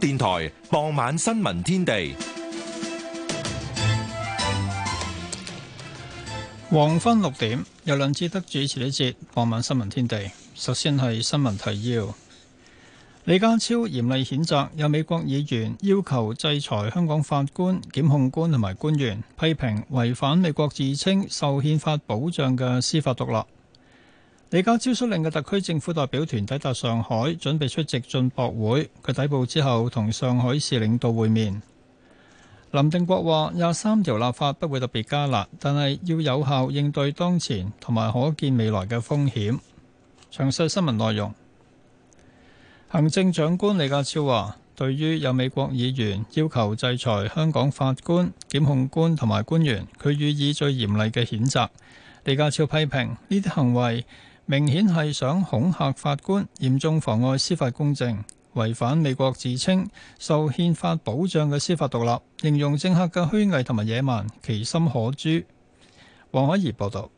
電台傍晚新聞天地，黃昏六點由梁志德主持呢節傍晚新聞天地。首先係新聞提要，李家超嚴厲譴責有美國議員要求制裁香港法官、檢控官同埋官員，批評違反美國自稱受憲法保障嘅司法獨立。李家超率領嘅特區政府代表團抵達上海，準備出席進博會。佢抵埗之後同上海市領導會面。林定國話廿三條立法不會特別加辣，但係要有效應對當前同埋可見未來嘅風險。詳細新聞內容，行政長官李家超話，對於有美國議員要求制裁香港法官、檢控官同埋官員，佢予以最嚴厲嘅譴責。李家超批評呢啲行為，明顯係想恐嚇法官，嚴重妨礙司法公正，違反美國自稱受憲法保障嘅司法獨立。形容政客嘅虛偽同埋野蠻，其心可誅。黃海怡報道。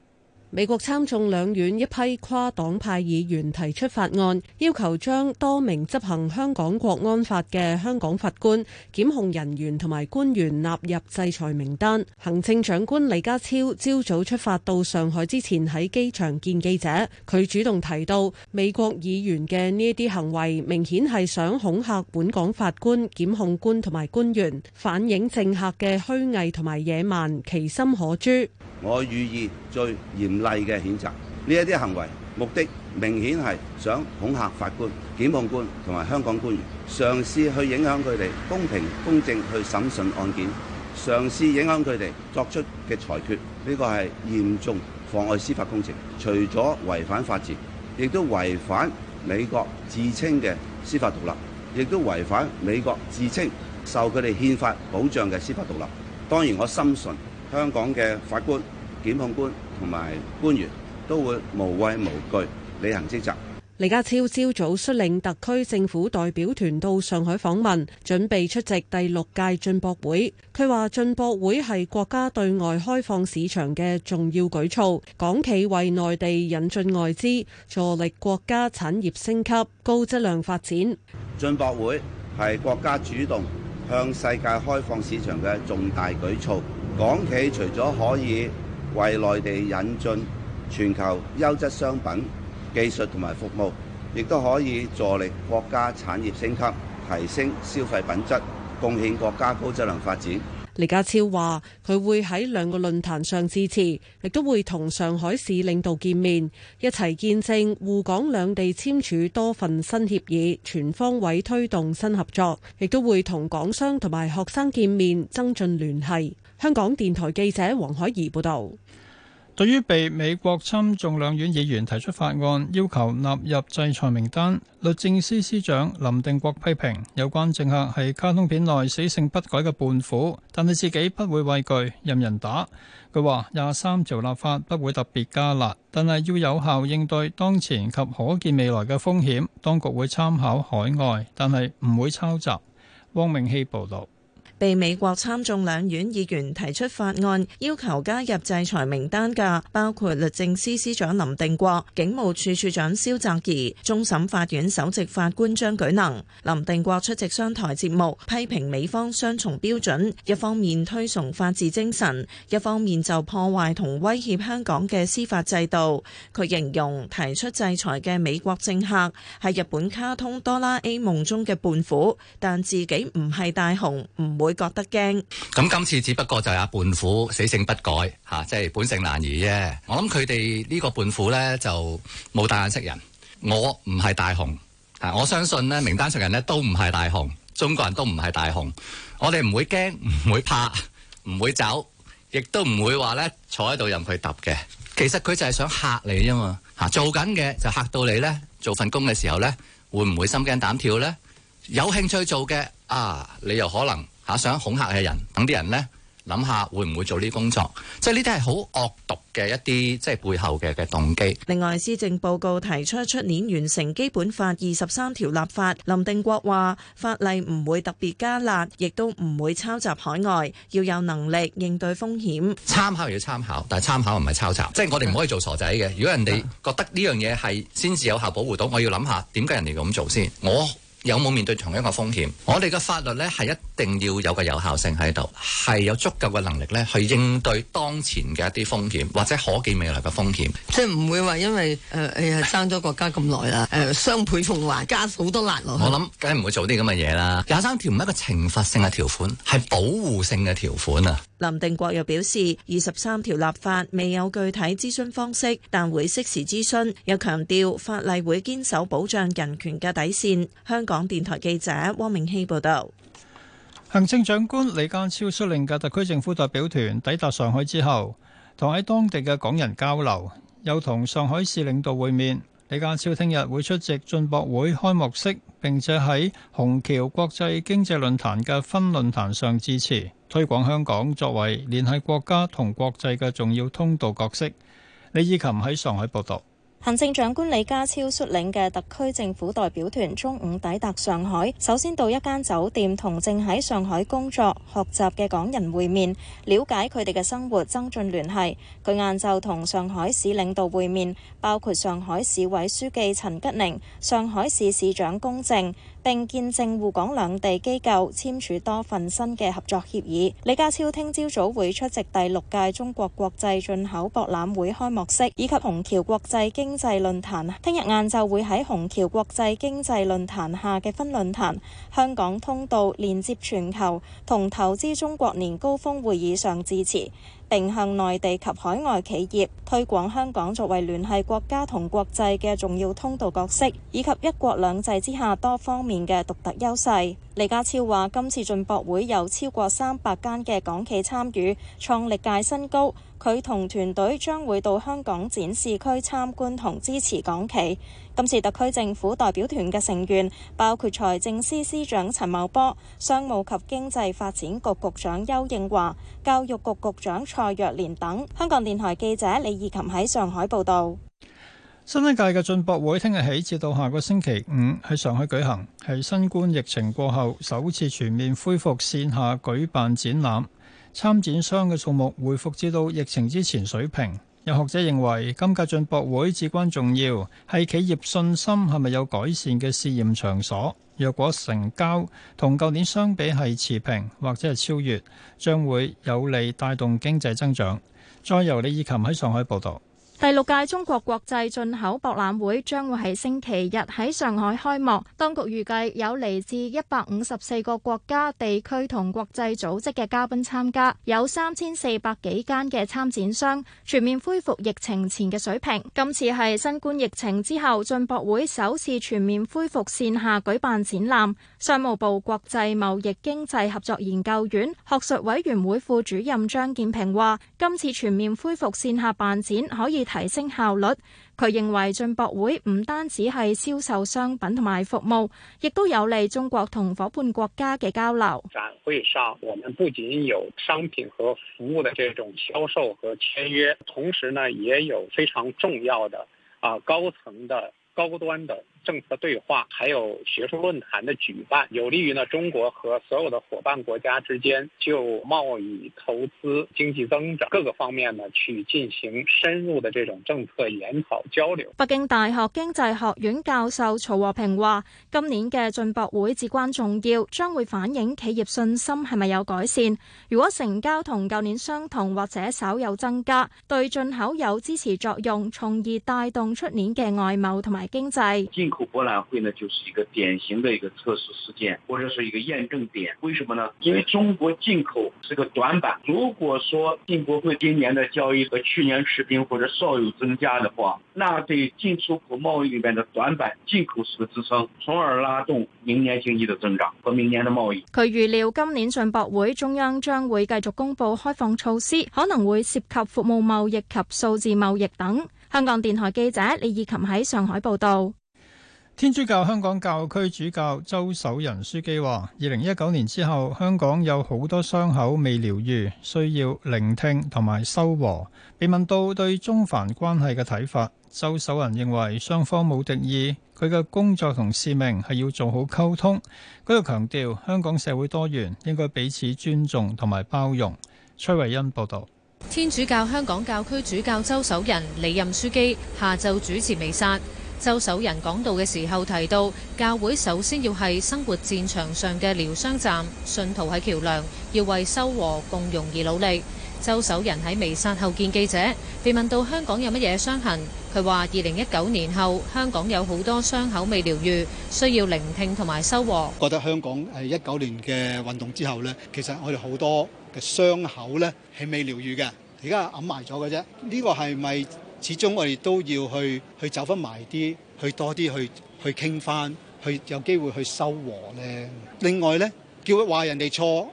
美國參眾兩院一批跨黨派議員提出法案，要求將多名執行香港國安法嘅香港法官、檢控人員同埋官員納入制裁名單。行政長官李家超朝早出發到上海之前喺機場見記者，佢主動提到美國議員嘅呢啲行為明顯係想恐嚇本港法官、檢控官同埋官員，反映政客嘅虛偽同埋野蠻，其心可誅。我予以最嚴厲嘅譴責。呢一啲行為，目的明顯係想恐嚇法官、檢控官同埋香港官員，嘗試去影響佢哋公平公正去審訊案件，嘗試影響佢哋作出嘅裁決。呢個係嚴重妨礙司法公正，除咗違反法治，亦都違反美國自稱嘅司法獨立，亦都違反美國自稱受佢哋憲法保障嘅司法獨立。當然，我深信，香港嘅法官、檢控官同埋官員都會無畏無懼履行職責。李家超朝早率領特區政府代表團到上海訪問，準備出席第六屆進博會。佢話：進博會係國家對外開放市場嘅重要舉措，港企為內地引進外資，助力國家產業升級、高質量發展。進博會係國家主動向世界開放市場嘅重大舉措。港企除咗可以為內地引進全球優質商品、技術同埋服務，亦都可以助力國家產業升級，提升消費品質，貢獻國家高質量發展。李家超話：佢會喺兩個論壇上致辭，亦都會同上海市領導見面，一齊見證滬港兩地簽署多份新協議，全方位推動新合作，亦都會同港商同埋學生見面，增進聯繫。香港電台記者黃海怡報導。對於被美國參眾兩院議員提出法案，要求納入制裁名單，律政司司長林定國批評有關政客係卡通片內死性不改嘅胖虎，但係自己不會畏懼任人打。佢話廿三條立法不會特別加辣，但係要有效應對當前及可見未來嘅風險。當局會參考海外，但係唔會抄襲。汪明熙報導。被美國參眾兩院議員提出法案，要求加入制裁名單嘅，包括律政司司長林定國、警務處處長蕭澤頤、終審法院首席法官，官張舉能。林定國出席商台節目，批評美方雙重標準，一方面推崇法治精神，一方面就破壞同威脅香港嘅司法制度。佢形容提出制裁嘅美國政客係日本卡通哆啦 A 夢中嘅胖虎，但自己唔係大雄，唔會會覺得驚，咁今次只不過就係阿胖虎死性不改吓，即係本性難移啫。我諗佢哋呢個胖虎呢，就冇帶眼識人，我唔係大雄，吓，我相信呢名單上人呢都唔係大雄，中國人都唔係大雄。我哋唔會驚，唔會怕，唔會,會走，亦都唔會話呢坐喺度任佢揼嘅。其實佢就係想吓你啫嘛吓，做緊嘅就吓到你呢，做份工嘅時候呢會唔會心驚膽跳呢？有興趣做嘅啊，你又可能。打想恐嚇嘅人，等啲人呢諗下，會唔會做呢工作？即係呢啲係好惡毒嘅一啲，即係背後嘅嘅動機。另外，施政報告提出出年完成基本法二十三條立法。林定國話：法例唔會特別加辣，亦都唔會抄襲海外，要有能力應對風險。參考要參考，但係參考唔係抄襲，Okay. 即係我哋唔可以做傻仔嘅。如果人哋覺得呢樣嘢係先至有效保護到，我要諗下點解人哋咁做先。我有冇面對同一個風險？我哋嘅法律呢係一。一定要有個有效性喺度，係有足夠嘅能力咧，去應對當前嘅一啲風險，或者可見未來嘅風險，即係唔會話，因為誒誒爭咗國家咁耐啦，誒、呃、雙倍奉還加好多辣落去。我諗梗係唔會做啲咁嘅嘢啦。廿三條唔係一個懲罰性嘅條款，係保護性嘅條款啊。林定國又表示，二十三條立法未有具體諮詢方式，但會適時諮詢，又強調法例會堅守保障人權嘅底線。香港電台記者汪明熙報道。行政長官李家超率領嘅特區政府代表團抵達上海之後，同喺當地嘅港人交流，又同上海市領導會面。李家超聽日會出席進博會開幕式，並且喺虹橋國際經濟論壇嘅分論壇上致辭，推廣香港作為聯繫國家同國際嘅重要通道角色。李以琴喺上海報道。行政長官李家超率領嘅特區政府代表團中午抵達上海，首先到一間酒店同正喺上海工作學習嘅港人會面，了解佢哋嘅生活，增進聯繫。佢晏晝同上海市領導會面，包括上海市委書記陳吉寧、上海市市長龔正。並見證滬港兩地機構簽署多份新嘅合作協議。李家超聽朝早會出席第六屆中國國際進口博覽會開幕式，以及虹橋國際經濟論壇。聽日晏晝會喺虹橋國際經濟論壇下嘅分論壇《香港通道連接全球》同投資中國年高峰會議上致辭。並向內地及海外企業推廣香港作為聯繫國家同國際嘅重要通道角色，以及一國兩制之下多方面嘅獨特優勢。李家超話：今次進博會有超過三百間嘅港企參與，創歷屆新高。佢同團隊將會到香港展示區參觀同支持港企。今次特區政府代表團嘅成員包括財政司司長陳茂波、商務及經濟發展局局長邱應華、教育局局長蔡若蓮等。香港電台記者李義琴喺上海報道。新一屆嘅進博會聽日起至到下個星期五喺上海舉行，係新冠疫情過後首次全面恢復線下舉辦展覽。參展商嘅數目回復至到疫情之前水平。有學者認為，今屆進博會至關重要，係企業信心係咪有改善嘅試驗場所。若果成交同舊年相比係持平或者係超越，將會有利帶動經濟增長。再由李以琴喺上海報道。第六屆中國國際進口博覽會將會喺星期日喺上海開幕。當局預計有嚟自一百五十四個國家、地區同國際組織嘅嘉賓參加，有三千四百幾間嘅參展商，全面恢復疫情前嘅水平。今次係新冠疫情之後進博會首次全面恢復線下舉辦展覽。商務部國際貿易經濟合作研究院學術委員會副主任張建平話：今次全面恢復線下辦展可以。提升效率，佢認為進博會唔單止係銷售商品同埋服務，亦都有利中國同伙伴國家嘅交流。展會上，我們不僅有商品和服務的這種銷售和簽約，同時呢，也有非常重要的啊高層的高端的。政策對話，還有學術論壇的舉辦，有利於呢中國和所有的伙伴國家之間就貿易、投資、經濟增長各個方面呢去進行深入的這種政策研討交流。北京大學經濟學院教授曹和平話，今年嘅進博會至關重要，將會反映企業信心係咪有改善。如果成交同舊年相同或者稍有增加，對進口有支持作用，從而帶動出年嘅外貿同埋經濟。進博會呢，就是一個典型的一個測試事件，或者是一個驗證點。為什麼呢？因為中國進口是個短板。如果說進博會今年的交易和去年持平或者稍有增加的話，那對進出口貿易裏面的短板進口是個支撐，從而拉動明年經濟的增長和明年的貿易。佢預料今年進博會中央將會繼續公布開放措施，可能會涉及服務貿易及數字貿易等。香港電台記者李義琴喺上海報道。天主教香港教區主教周守仁樞機話：二零一九年之後，香港有好多傷口未療愈，需要聆聽同埋修和。被問到對中梵關係嘅睇法，周守仁認為雙方冇敵意，佢嘅工作同使命係要做好溝通。佢又強調，香港社會多元，應該彼此尊重同埋包容。崔慧恩報道。天主教香港教區主教周守仁離任樞機下晝主持彌撒。周守仁講到嘅時候提到教會，首先要係生活戰場上的療傷站，信徒係橋樑，要為修和共融而努力。周守仁喺彌撒後見記者，被問到香港有咩傷痕，佢話始終我哋都要去去走翻埋啲，去多啲去去傾翻，去，去有機會去收和。咧。另外咧，叫佢話人哋錯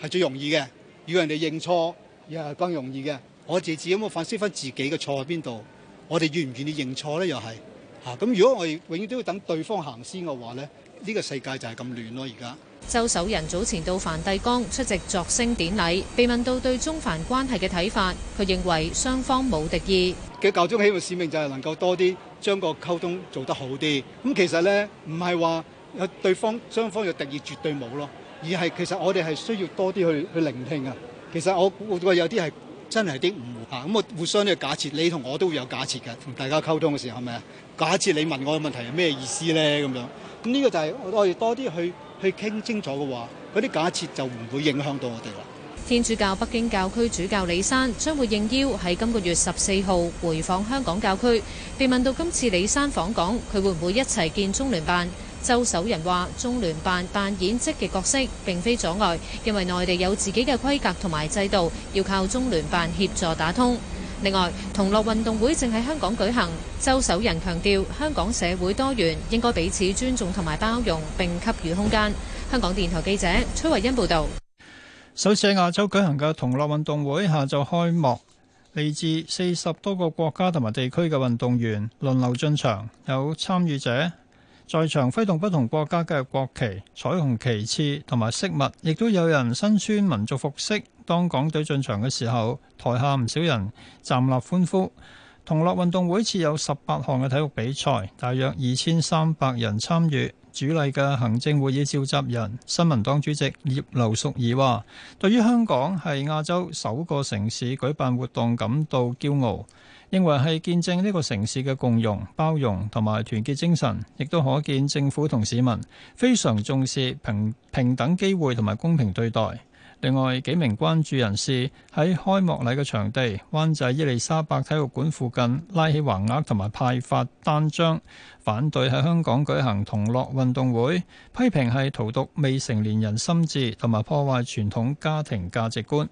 係最容易嘅，要人哋認錯又係更容易嘅。我自己，自己有冇反思翻自己嘅錯喺邊度，我哋願唔願意認錯咧又係嚇。咁、啊、如果我哋永遠都要等對方行先嘅話咧？呢個世界就係咁亂咯！而家周守仁早前到梵蒂岡出席作聖典禮，被問到對中梵關係嘅睇法，佢認為雙方冇敵意嘅教宗希望使命就係能夠多啲將個溝通做得好啲。咁其實咧，唔係話有對方雙方有敵意，絕對冇咯，而係其實我哋係需要多啲去去聆聽啊。其實我我有啲係真係啲誤會啊。咁我互相咧假設，你同我都會有假設嘅，同大家溝通嘅時候係咪啊？假設你問我嘅問題係咩意思咧咁樣？咁呢個就係我哋多啲去去傾清楚嘅話，嗰啲假設就唔會影響到我哋啦。天主教北京教區主教李山將會應邀喺今個月十四號回訪香港教區。被問到今次李山訪港，佢會唔會一齊見中聯辦？周守仁話：中聯辦扮演積極角色，並非阻礙，因為內地有自己嘅規格同埋制度，要靠中聯辦協助打通。另外，同樂運動會正喺香港舉行。周守仁強調，香港社會多元，應該彼此尊重同埋包容，並給予空間，香港電台記者崔慧欣報道。首次喺亞洲舉行嘅同樂運動會下晝開幕，嚟自四十多個國家同埋地區嘅運動員輪流進場，有參與者。在場揮動不同國家嘅國旗、彩虹旗幟同埋飾物，亦都有人身穿民族服飾。當港隊進場嘅時候，台下唔少人站立歡呼。同樂運動會設有十八項嘅體育比賽，大約二千三百人參與。主禮嘅行政會議召集人、新民黨主席葉劉淑儀話，對於香港係亞洲首個城市舉辦活動感到驕傲，認為係見證呢個城市嘅共融、包容同埋團結精神，亦都可見政府同市民非常重視平平等機會同埋公平對待。另外，幾名關注人士喺開幕禮嘅場地灣仔伊利沙伯體育館附近拉起橫額同埋派發單張，反對喺香港舉行同樂運動會，批評係荼毒未成年人心智同埋破壞傳統家庭價值觀。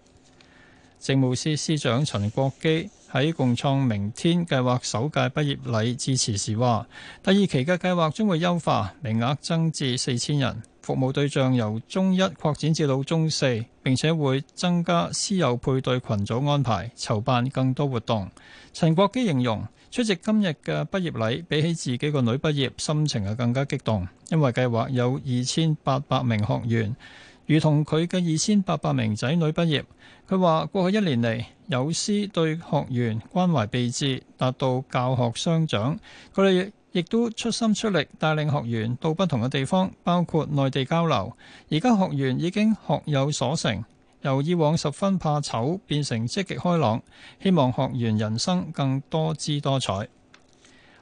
政務司司長陳國基喺共創明天計劃首屆畢業禮致辭時話：第二期嘅計劃將會優化，名額增至四千人。服務對象由中一擴展至到中四，並且會增加師友配對群組安排，籌辦更多活動。陳國基形容出席今日嘅畢業禮，比起自己個女畢業，心情啊更加激動，因為計劃有二千八百名學員，如同佢嘅二千八百名仔女畢業。佢話過去一年嚟，友師對學員關懷備至，達到教學相長。佢哋。亦都出心出力帶領學員到不同嘅地方，包括內地交流。而家學員已經學有所成，由以往十分怕醜變成積極開朗，希望學員人生更多姿多彩。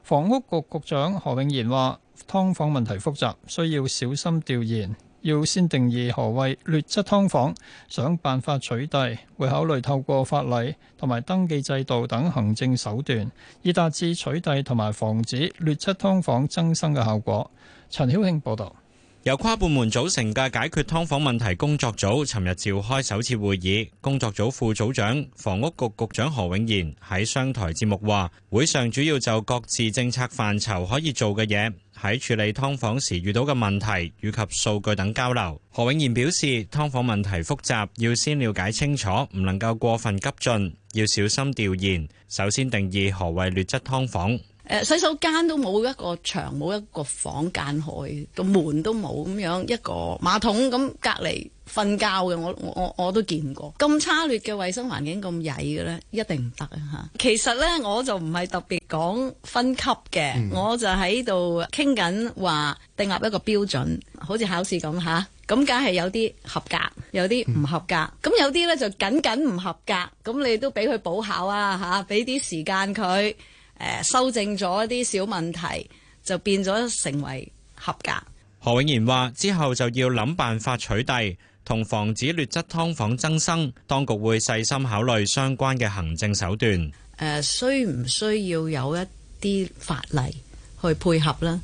房屋局局長何永賢話，劏房問題複雜，需要小心調研。要先定義何謂劣質劏房，想辦法取締，會考慮透過法例同埋登記制度等行政手段，以達至取締同埋防止劣質劏房增生嘅效果。陳曉慶報導。由跨部門組成嘅解決劏房問題工作組，尋日召開首次會議。工作組副組長、房屋局局長何永賢喺商台節目話，會上主要就各自政策範疇可以做嘅嘢，喺處理劏房時遇到嘅問題以及數據等交流。何永賢表示，劏房問題複雜，要先了解清楚，唔能夠過分急進，要小心調研。首先定義何謂劣質劏房。誒，洗手間都冇一個牆，冇一個房間開，個門都冇咁樣，一個馬桶咁隔籬瞓覺嘅，我我我都見過咁差劣嘅衛生環境，咁曳嘅咧一定唔得啊吓！其實咧，我就唔係特別講分級嘅，嗯、我就喺度傾緊話定立一個標準，好似考試咁吓，咁梗係有啲合格，有啲唔合格，咁、嗯、有啲咧就僅僅唔合格，咁你都俾佢補考啊吓，俾、啊、啲時間佢。呃、修正咗一啲小問題，就變咗成，成為合格。何永賢話：之後就要諗辦法取締同防止劣質劏房增生，當局會細心考慮相關嘅行政手段。呃、需唔需要有一啲法例去配合呢？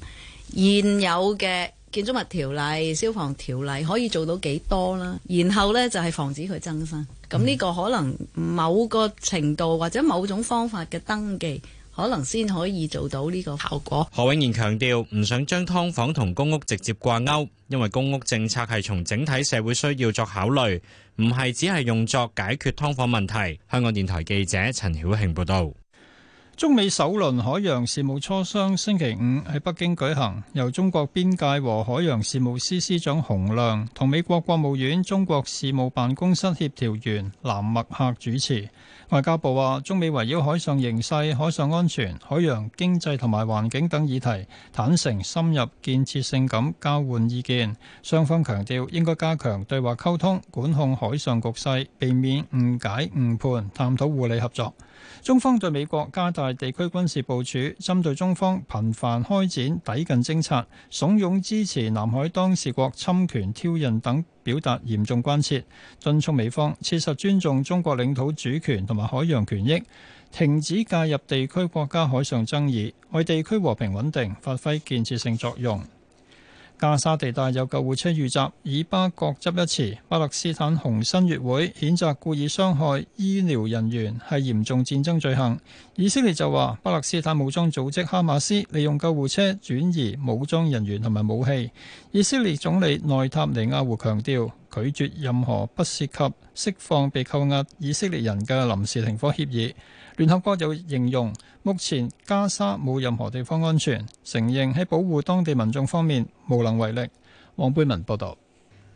現有嘅建築物條例、消防條例可以做到幾多呢？然後呢，就係、是、防止佢增生。咁呢個可能某個程度或者某種方法嘅登記。可能先可以做到呢個效果。何永賢強調，唔想將劏房同公屋直接掛鈎，因為公屋政策係從整體社會需要作考慮，唔係只係用作解決劏房問題。香港電台記者陳曉慶報道。中美首輪海洋事務磋商星期五喺北京舉行，由中國邊界和海洋事務司司長洪亮同美國國務院中國事務辦公室協調員藍默克主持。外交部話，中美圍繞海上形勢、海上安全、海洋經濟同埋環境等議題坦誠、深入、建設性咁交換意見，雙方強調應該加強對話溝通，管控海上局勢，避免誤解誤判，探討互利合作。中方對美國加大地區軍事部署，針對中方頻繁開展抵近偵察、慫恿支持南海當事國侵權挑釁等，表達嚴重關切，敦促美方切實尊重中國領土主權同埋海洋權益，停止介入地區國家海上爭議，為地區和平穩定發揮建設性作用。加沙地帶有救護車遇襲，以巴各執一詞。巴勒斯坦紅新月會譴責故意傷害醫療人員係嚴重戰爭罪行。以色列就話，巴勒斯坦武裝組織哈馬斯利用救護車轉移武裝人員同埋武器。以色列總理內塔尼亞胡強調，拒絕任何不涉及釋放被扣押以色列人嘅臨時停火協議。聯合國有形容，目前加沙冇任何地方安全，承認喺保護當地民眾方面無能為力。黃貝文報導，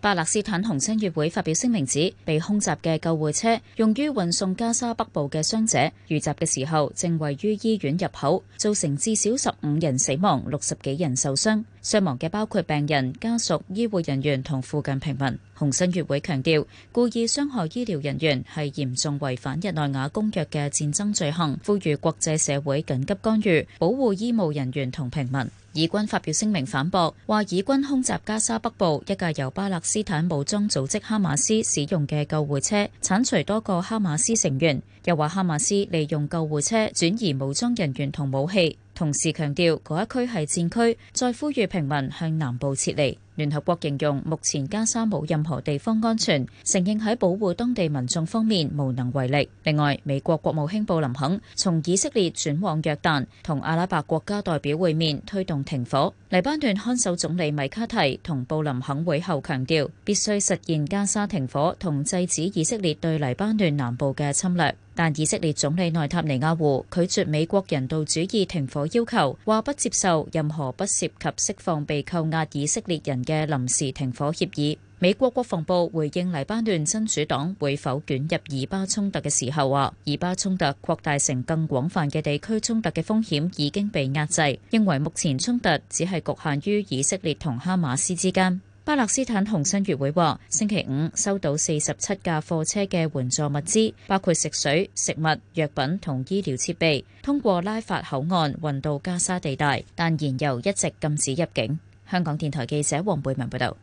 巴勒斯坦紅十字會發表聲明指，被空襲嘅救護車用於運送加沙北部嘅傷者遇襲嘅時候，正位於醫院入口，造成至少十五人死亡，六十幾人受傷。傷亡嘅包括病人家屬、醫護人員同附近平民。紅新月會強調，故意傷害醫療人員係嚴重違反《日內瓦公約》嘅戰爭罪行，呼籲國際社會緊急干預，保護醫務人員同平民。以軍發表聲明反駁，話以軍空襲加沙北部一架由巴勒斯坦武裝組織哈馬斯使用嘅救護車，剷除多個哈馬斯成員，又話哈馬斯利用救護車轉移武裝人員同武器。同時強調嗰一區係戰區，再呼籲平民向南部撤離。聯合國形容目前加沙冇任何地方安全，承認喺保護當地民眾方面無能為力。另外，美國國務卿布林肯從以色列轉往約旦同阿拉伯國家代表會面，推動停火。黎巴嫩看守總理米卡提同布林肯會後強調，必須實現加沙停火同制止以色列對黎巴嫩南部嘅侵略。但以色列總理內塔尼亞胡拒絕美國人道主義停火要求，話不接受任何不涉及釋放被扣押以色列人嘅臨時停火協議，美國國防部回應黎巴嫩真主黨會否捲入以巴衝突嘅時候話，以巴衝突擴大成更廣泛嘅地區衝突嘅風險已經被壓制，認為目前衝突只係局限於以色列同哈馬斯之間，巴勒斯坦紅新月會話星期五收到四十七架貨車嘅援助物資，包括食水、食物、藥品同醫療設備，通過拉法口岸運到加沙地帶，但燃油一直禁止入境。香港電台記者黃貝文報道，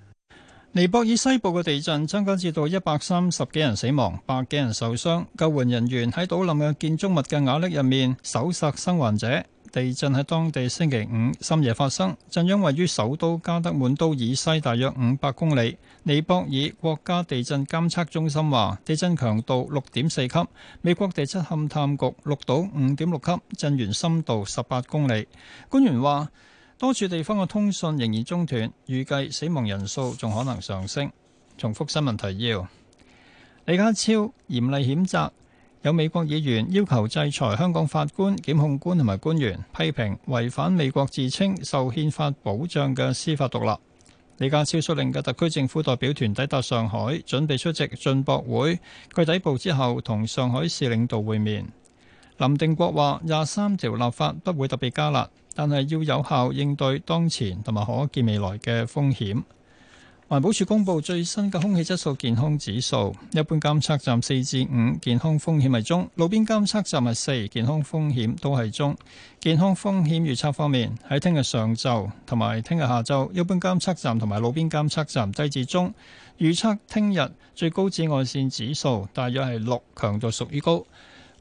尼泊爾西部嘅地震增加至到一百三十幾人死亡，百幾人受傷。救援人員喺倒冧嘅建築物嘅瓦礫入面搜尋生還者。地震喺當地星期五深夜發生，震央位於首都加德滿都以西大約五百公里。尼泊爾國家地震監測中心話，地震強度六點四級。美國地質勘探局錄到五點六級，震源深度十八公里。官員話，多處地方嘅通訊仍然中斷，預計死亡人數仲可能上升。重複新聞提要：李家超嚴厲譴責，有美國議員要求制裁香港法官、檢控官同埋官員，批評違反美國自稱受憲法保障嘅司法獨立。李家超率領嘅特區政府代表團抵達上海，準備出席進博會。佢抵埗之後同上海市領導會面。林定國話：廿三條立法不會特別加辣。但係要有效應對當前同埋可見未來嘅風險。環保署公布最新嘅空氣質素健康指數，一般監測站四至五，健康風險係中；路邊監測站係四，健康風險都係中。健康風險預測方面，喺聽日上晝同埋聽日下晝，一般監測站同埋路邊監測站低至中。預測聽日最高紫外線指數大約係六，強度屬於高。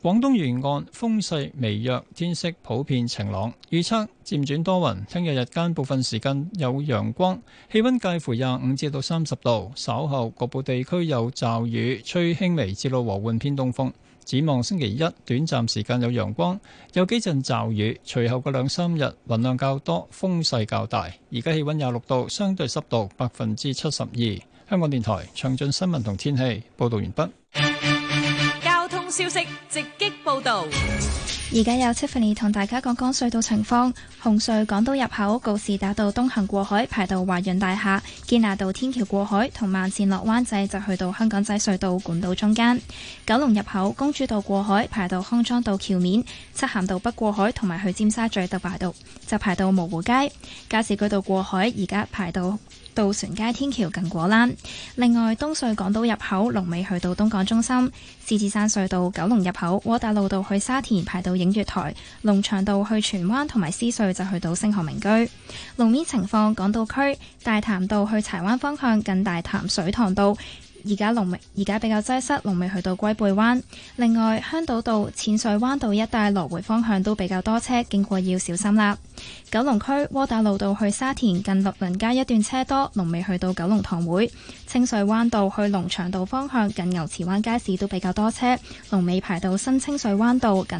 廣東沿岸風勢微弱，天色普遍晴朗，預測漸轉多雲。聽日日間部分時間有陽光，氣温介乎廿五至到三十度。稍後局部地區有驟雨，吹輕微至到和緩偏東風。展望星期一，短暫時間有陽光，有幾陣驟雨。隨後嘅兩三日雲量較多，風勢較大。而家氣温廿六度，相對濕度百分之七十二。香港電台詳盡新聞同天氣報導完畢。消息直擊報道，而家有 Tiffany 同大家講講隧道情況。紅隧港島入口告士打道東行過海，排到華潤大廈；堅拿道天橋過海同慢線落灣仔，就去到香港仔隧道管道中間。九龍入口公主道過海，排到康莊道橋面；漆咸道北過海，同埋去尖沙咀排到就排到就排到蕪湖街。加士居道過海，而家排到。渡船街天橋近果欄。另外，東隧港島入口龍尾去到東港中心，獅子山隧道九龍入口窩打老道去沙田排到映月台，龍翔道去荃灣同埋獅隧就去到星河名居。路面情況，港島區大潭道去柴灣方向近大潭水塘道。而家龍尾，而家比較擠塞，龍尾去到龜背灣。另外，香島道、淺水灣道一帶來回方向都比較多車，經過要小心啦。九龍區窩打老道去沙田近律倫街一段車多，龍尾去到九龍塘會。清水灣道去龍翔道方向近牛池灣街市都比較多車，龍尾排到新清水灣道近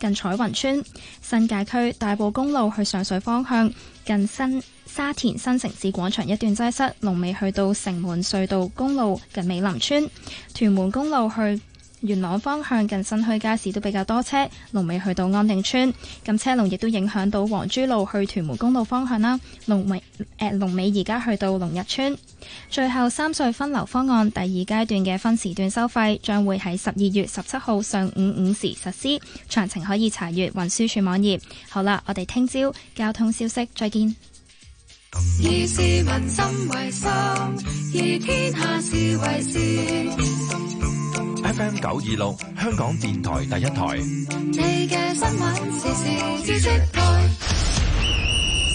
近彩雲村。新界區大埔公路去上水方向。近新沙田新城市廣場一段擠塞，龍尾去到城門隧道公路近美林村，屯門公路去元朗方向近新墟街市都比較多車，龍尾去到安定村，咁車龍亦都影響到黃珠路去屯門公路方向啦，龍尾誒龍尾而家去到龍日村。最後三隧分流方案第二階段嘅分時段收費將會喺十二月十七號上午五時實施，詳情可以查閱運輸署網頁。好啦，我哋聽朝交通消息再見。以市民心為心，以天下事為先。FM 九二六，香港電台第一台。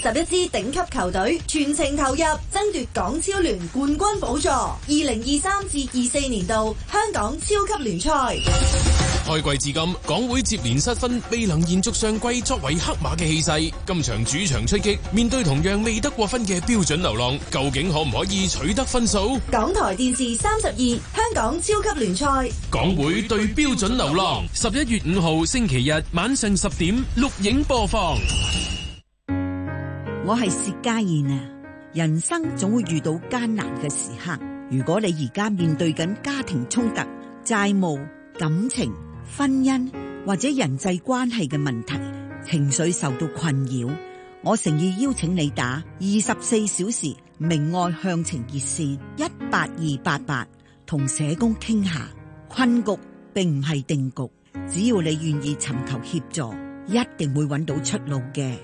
十一支頂級球隊全程投入爭奪港超聯冠軍寶座。二零二三至二四年度香港超級聯賽開季至今，港會接連失分，未能延續上季作為黑馬嘅氣勢。今場主場出擊，面對同樣未得過分嘅標準流浪，究竟可唔可以取得分數？港台電視三十二，香港超級聯賽，港會對標準流浪，十一月五號星期日晚上十點錄影播放。我係薛家燕啊！人生總會遇到艱難嘅時刻。如果你而家面對緊家庭衝突、債務、感情、婚姻或者人際關係嘅問題，情緒受到困擾，我誠意邀請你打二十四小時明愛向情熱線一八二八八，同社工傾下。困局並唔係定局，只要你願意尋求協助，一定會搵到出路嘅。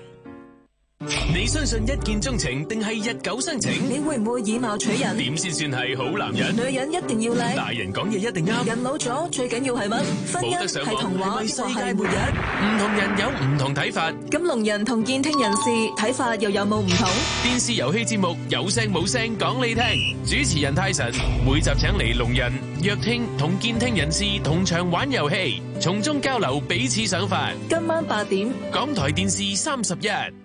你相信一見鍾情定係日久生情？你會唔會以貌取人？點先算係好男人？女人一定要靚，大人講嘢一定啱。人老咗最緊要係乜？婚姻係童話，世界末日。唔同人有唔同睇法。咁聾人同健聽人士睇法又有冇唔同？電視遊戲節目有聲冇聲講你聽。主持人泰臣每集請嚟聾人、弱聽同健聽人士同場玩遊戲，從中交流彼此想法。今晚八點，港台電視三十一。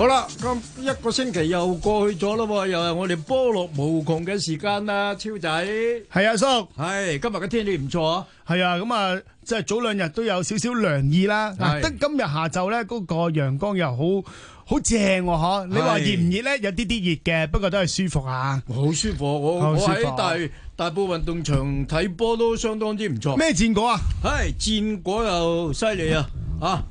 好啦，咁一個星期又過去咗咯，又係我哋波樂無窮嘅時間啦，超仔係阿叔，係今日嘅天氣唔錯，係啊，咁啊，即係早兩日都有少少涼意啦，得今日下晝咧，嗰個陽光又好好正，嗬，你話熱唔熱咧？有啲啲熱嘅，不過都係舒服啊，好舒服，我我喺大大埔運動場睇波都相當之唔錯。咩戰果啊？係戰果又犀利啊，啊！